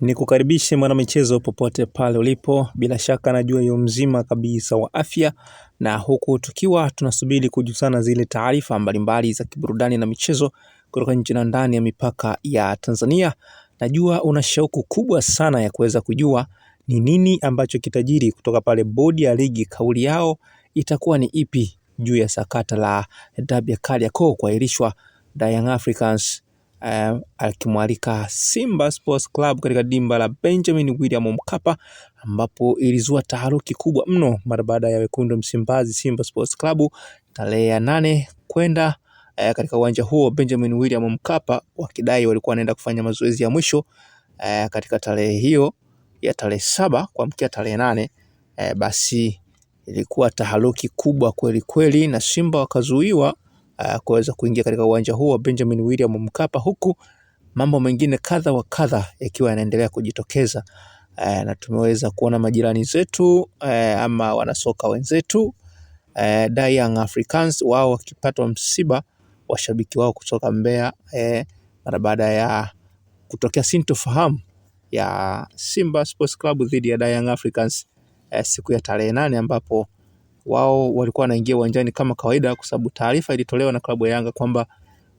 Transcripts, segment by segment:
ni kukaribishe mwanamichezo popote pale ulipo, bila shaka najua yu mzima kabisa wa afya, na huku tukiwa tunasubiri kujuzana zile taarifa mbalimbali za kiburudani na michezo kutoka nje na ndani ya mipaka ya Tanzania. Najua una shauku kubwa sana ya kuweza kujua ni nini ambacho kitajiri kutoka pale bodi ya ligi, kauli yao itakuwa ni ipi juu ya sakata la dabi ya Kariakoo kuahirishwa Young Africans uh, eh, akimwalika Simba Sports Club katika dimba la Benjamin William Mkapa ambapo ilizua taharuki kubwa mno mara baada ya wekundu Msimbazi Simba Sports Club tarehe ya nane kwenda uh, katika uwanja huo Benjamin William Mkapa wakidai walikuwa wanaenda kufanya mazoezi ya mwisho uh, katika tarehe hiyo ya tarehe saba kuamkia tarehe nane uh, basi ilikuwa taharuki kubwa kweli kweli, na Simba wakazuiwa uh, kuweza kuingia katika uwanja huu wa Benjamin William Mkapa, huku mambo mengine kadha wa kadha yakiwa yanaendelea kujitokeza uh, na tumeweza kuona majirani zetu uh, ama wanasoka wenzetu uh, Young Africans wao wakipatwa msiba washabiki wao kutoka Mbeya eh, mara baada ya kutokea sintofahamu ya Simba Sports Club dhidi ya Young Africans eh, siku ya tarehe nane ambapo wao walikuwa wanaingia uwanjani kama kawaida, kwa sababu taarifa ilitolewa na klabu ya Yanga kwamba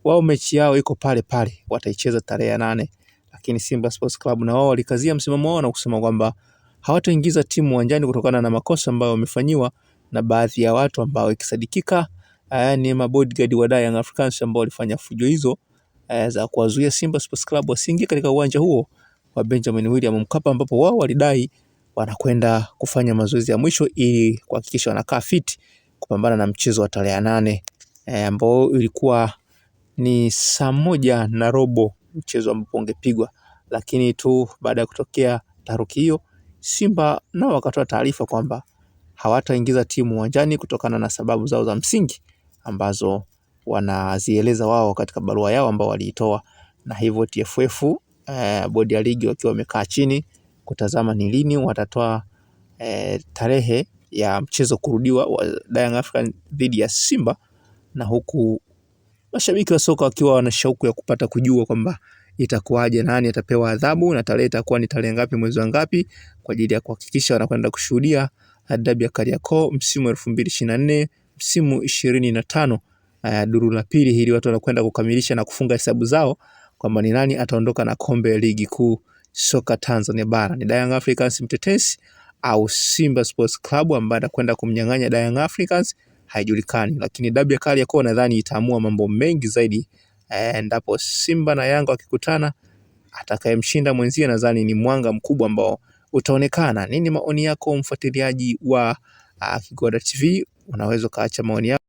wao mechi yao iko pale pale, wataicheza tarehe ya nane. Lakini Simba Sports Club na wao walikazia msimamo wao na kusema kwamba hawataingiza timu uwanjani kutokana na makosa ambayo wamefanyiwa na baadhi ya watu ambao ikisadikika eh, ni mabodyguard wa Young Africans ambao walifanya fujo hizo eh, za kuwazuia Simba Sports Club wasiingie katika uwanja huo wa Benjamin William Mkapa ambapo wao walidai wanakwenda kufanya mazoezi ya mwisho ili kuhakikisha wanakaa fit kupambana na mchezo wa tarehe nane e, ambao ilikuwa ni saa moja na robo mchezo ambapo ungepigwa, lakini tu baada ya kutokea taruki hiyo, Simba nao wakatoa taarifa kwamba hawataingiza timu uwanjani kutokana na sababu zao za msingi ambazo wanazieleza wao katika barua yao ambao waliitoa, na hivyo TFF eh, bodi ya ligi wakiwa wamekaa chini kutazama ni lini watatoa e, tarehe ya mchezo kurudiwa wa Young African dhidi ya Simba, na huku mashabiki wa soka wakiwa wana shauku ya kupata kujua kwamba itakuwaje, nani atapewa adhabu na tarehe itakuwa ni tarehe ngapi, mwezi wa ngapi, kwa ajili ya kuhakikisha wanakwenda kushuhudia adabu ya Kariakoo msimu elfu mbili ishirini na nne msimu ishirini na tano uh, duru la pili hili watu wanakwenda kukamilisha na kufunga hesabu zao kwamba ni nani ataondoka na kombe ligi kuu soka Tanzania bara ni Young Africans mtetesi au Simba Sports Club ambaye atakwenda kumnyang'anya Young Africans haijulikani, lakini dabi ya Kariakoo nadhani itaamua mambo mengi zaidi eh, endapo Simba na Yanga wakikutana, atakayemshinda mwenzie nadhani ni mwanga mkubwa ambao utaonekana. Nini maoni yako mfuatiliaji wa uh, Kigoda TV? Unaweza ukaacha maoni yako.